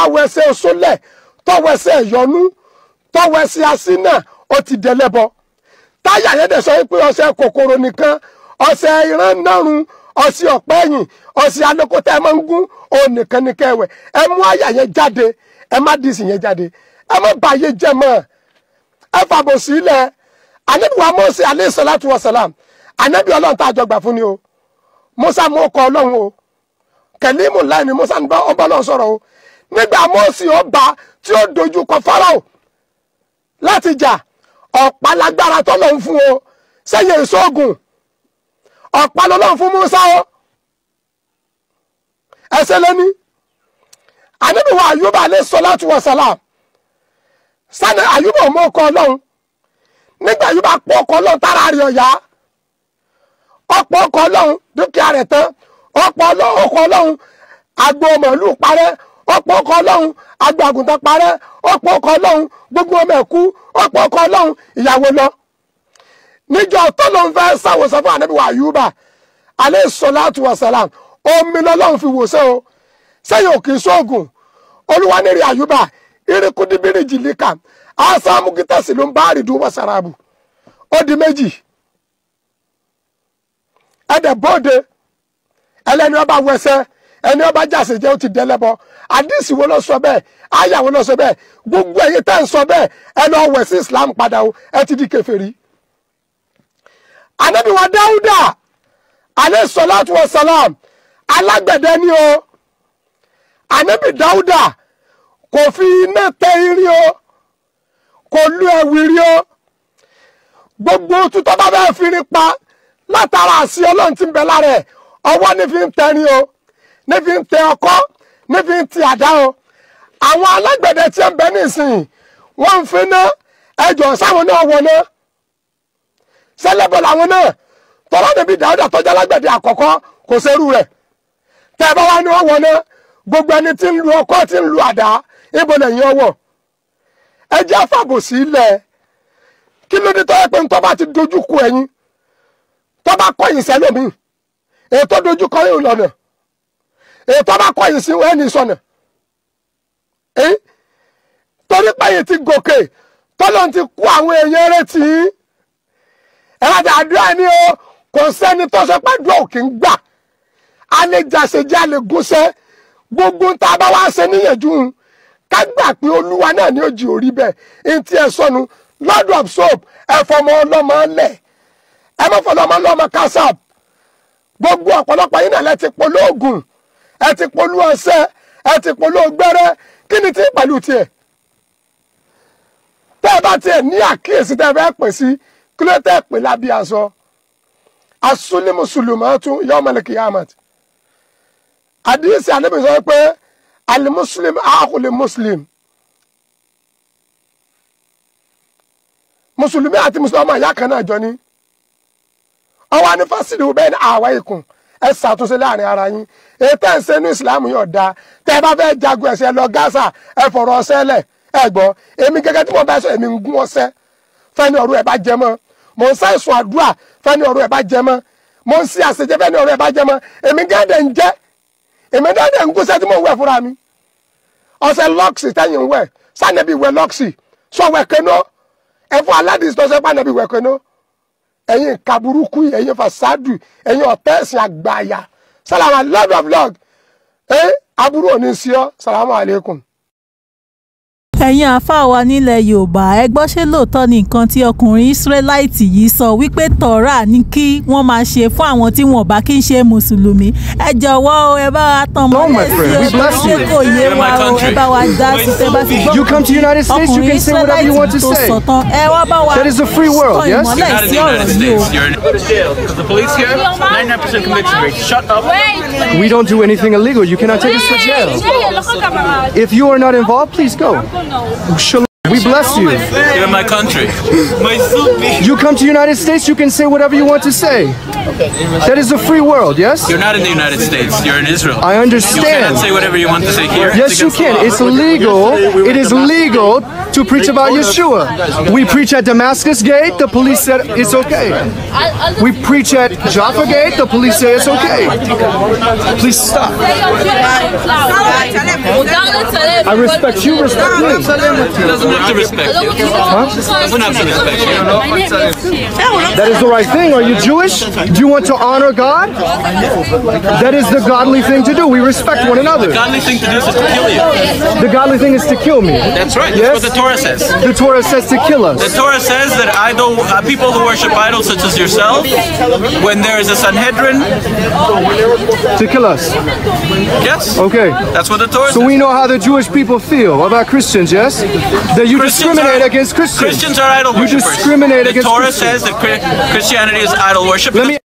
tọwọ́ ẹsẹ̀ sólẹ̀ tọwọ́ ẹsẹ̀ yọnú tọwọ́ ẹsẹ̀ asínà ó ti dẹlẹ́bọ táyà yẹn dẹ̀ sọ pé ọṣẹ kòkòrò nìkan ọṣẹ ìran nárun ọṣẹ ọ̀pẹ ẹ̀yìn ọṣẹ alókòtà ẹ máa ń gún òun nìkan ní kẹwẹ ẹ mú àyà yẹn jáde ẹ má dìísì yẹn jáde ẹ má bàyè jẹ mọ́ ẹ fàbò sílẹ̀ anabiwa mose aleyhi salatu wa salam anabi Ọlọ́run tá a jọ gbà fún ni o musa mú ọkọ Ọlọ́run o kẹlímù láì ní musa ń bá ọba Ọlọ́run sọ̀rọ̀ o nígbà mọ́ọ̀sì ọba tí ó dojú kọ fáráò láti jà ọ̀pá lágbára tó lọ́n fún o sẹ́yìn ìṣóògùn ọ̀pá ló lọ́n fún Musa o ẹsẹ̀ lẹ́ni ànábìwọ̀ àyùbá lè sọ láti wọ̀ sálàm sani àyùbá ọmọ ọkọ ọlọ́run nígbà àyùbá pọ̀ ọkọ ọlọ́run tára rẹ̀ ọ̀yá ọ̀pọ̀ ọkọ ọlọ́run dúkìá rẹ̀ tán ọ̀pọ̀ ọkọ ọlọ́run agbo màlúù parẹ́ ọ̀pọ̀ ọkọ̀ ọlọ́run àgbà àgùntàn parẹ́ ọ̀pọ̀ ọkọ̀ ọlọ́run gbogbo ọmọ ẹ̀kú ọ̀pọ̀ ọkọ̀ ọlọ́run ìyàwó lọ. níjọ tọ́lọ́n fẹ́ ṣàwòsàn fún ànábì Àyùbá alẹ́ sọláàtù wasalam omi lọ́lọ́run fi o sẹ́yìn òkè sóògùn olúwa nírì Àyùbá irikudibiri jìlíkà asáàmù ló ń bá àrìdú wasarabu ó di méjì ẹ̀dẹ̀ bóde ẹlẹ́ni ọba ẹni ọba jàsè jẹ́ ó ti dẹ́lẹ́bọ àdìsí wo ló sọ bẹ́ẹ̀ àyà wo ló sọ bẹ́ẹ̀ gbogbo ẹ̀yin tẹ́ ń sọ bẹ́ẹ̀ ẹ lọ sí Islam padà o ẹ ti di kèfèrí. ànábì wa Dáúdà sọláàtú wa sàlám alágbẹ̀dẹ ni o ànábì Dáúdà kò fi iná tẹ irin o kò lu ẹ̀wìrì o gbogbo tutọ́ bá bẹ́ẹ̀ fi rin pa látara àṣì ọlọ́run ti ń bẹ lára ẹ̀ ọwọ́ ni fi ń tẹrin o ní fi ń tẹ ọkọ́ ní fi ń ti àdá o àwọn alágbẹ̀dẹ tí ń bẹ nísìnyí wọ́n ń fi ná ẹjọ́ sáwọn náà wọ̀ ná sẹ́lẹ̀bọ̀ làwọn náà tọ́lá níbi Dáúdà tọ́jà alágbẹ̀dẹ àkọ́kọ́ kò sẹ́rù rẹ̀ tẹ́ ẹ bá wá ní ọwọ́ ná gbogbo ẹni tí ń lu ọkọ́ tí ń lu àdá ibo lẹ́yìn ọwọ́ ẹ jẹ́ àfàbòsí ilẹ̀ kí ló dé tó pé ń tọ́ ti dojú kọ ẹ̀yin tó bá kọ̀yìn sẹ́lẹ̀ dojú kọ yóò ètò bá kọ̀yìn sí ẹni sọnà torí pẹ̀yìn ti gòkè tọ́lọ́ ti kú àwọn èèyàn eré tì í ẹ̀rọ̀dà àdúrà ni o kò sẹ́ni tó ṣe pé dùn òkè ń gbà a lè jàṣejì a lè gúnṣẹ́ gbogbo ń tá a bá wá ṣe níyànjú ká gbà pé olúwa náà ni ó jì orí bẹ́ẹ̀ ntí ẹ sọnù lord of soap ẹ fọmọ ọlọ́mọ lẹ̀ ẹ mọ̀fọlọ́mọ ọlọ́mọ kásáàpù gbogbo ọpọlọpọ yín náà lẹ ti polóògùn ẹ ti polú ọṣẹ ẹ ti polú gbẹ́rẹ́ kí ni tí pẹ̀lú tiẹ̀ tẹ́ ẹ bá tiẹ̀ ní àkíyèsí tẹ́ ẹ fẹ́ pè sí kí ló tẹ́ pè lábí aṣọ asúlí mùsùlùmí tún yọ ọmọlẹ́kì àdìsí ànábì pé alimusulim àkùlé muslim mùsùlùmí àti mùsùlùmí ọmọ ìyá kan náà jọ ni ọwọ́ anifásitì wù bẹ́ẹ̀ ni àwa ikùn ẹ ṣàtúnṣe láàrin ara yín ètò ẹ̀sẹ̀ inú ìsìlámù yóò da tẹ́ ẹ bá fẹ́ jagun ẹ̀sẹ̀ lọ Gaza ẹ fọ̀rọ̀ ọṣẹ́ lẹ̀ ẹ gbọ́ èmi gẹ́gẹ́ tí mo bá sọ èmi ń gún ọṣẹ́ fẹ́ni ọ̀rọ̀ ẹ̀ bá jẹ mọ́ mò ń ṣàìsùn àdúrà fẹ́ni ọ̀rọ̀ ẹ̀ bá jẹ mọ́ mò ń ṣe àṣejẹ fẹ́ni ọ̀rọ̀ ẹ̀ bá jẹ mọ́ èmi gẹ́gẹ́ ń jẹ́ èmi gẹ́gẹ́ ń gúnṣẹ́ tí mò ń wẹ̀ fúnra mi ọṣẹ lọ́ọ̀sì tẹ́yìn wẹ̀ sànẹ́bí wẹ̀ lọ́ọ̀sì sọ̀wẹ̀ kẹ́nọ́ ẹ̀fọ́ aládìsí pànẹ́bí wẹ̀ kẹ́nọ́ ẹ̀yin kaburuku, burúkú yìí ẹ̀yin fasádù ẹ̀yin ọ̀tá ẹ̀sìn àgbáyà sálàmà love of love eh, ẹ aburú ò ní sí ọ sàlámù alaykum ẹ̀yin àáfàá wa nílẹ̀ yorùbá ẹ gbọ́ ṣé lóòótọ́ ni nǹkan tí ọkùnrin israelite yìí sọ wípé tọ́ra ní kí wọ́n máa ṣe fún àwọn tí wọ́n bá kí ń ṣe mùsùlùmí ẹ jọ̀wọ́ o ẹ bá wa tàn mọ́lẹ̀ sí o ṣé kò yé wa o ẹ bá wa dá sí ẹ bá ti gbọ́ ọkùnrin israelite tó sọ̀tàn ẹ wá bá wa tàn ìmọ́lẹ̀ sí ọ̀rọ̀ yìí o. We don't do anything illegal. You cannot take us to jail. If you are not involved, please go. We bless you. You're my country. my soup you come to the United States, you can say whatever you want to say. That is a free world, yes? You're not in the United States, you're in Israel. I understand. You cannot say whatever you want to say here. Yes, you can. It's legal. It is legal to preach about Yeshua. We preach at Damascus Gate, the police said it's okay. We preach at Jaffa Gate, the police say it's okay. Please stop. I respect you, respect me. Doesn't have to respect you. Huh? Doesn't have to respect you. That is the right thing. Are you Jewish? Do you want to honor God? That is the godly thing to do. We respect one another. The godly thing to do is to kill you. The godly thing is to kill me. That's right. That's yes? what the Torah says. The Torah says to kill us. The Torah says that idol, uh, people who worship idols such as yourself, when there is a Sanhedrin, to kill us. Yes. Okay. That's what the Torah. So we know how the Jewish people feel about Christians. Yes. That you Christians discriminate are, against Christians. Christians are idol worshippers. You discriminate the against Torah says that Christianity is idol worship.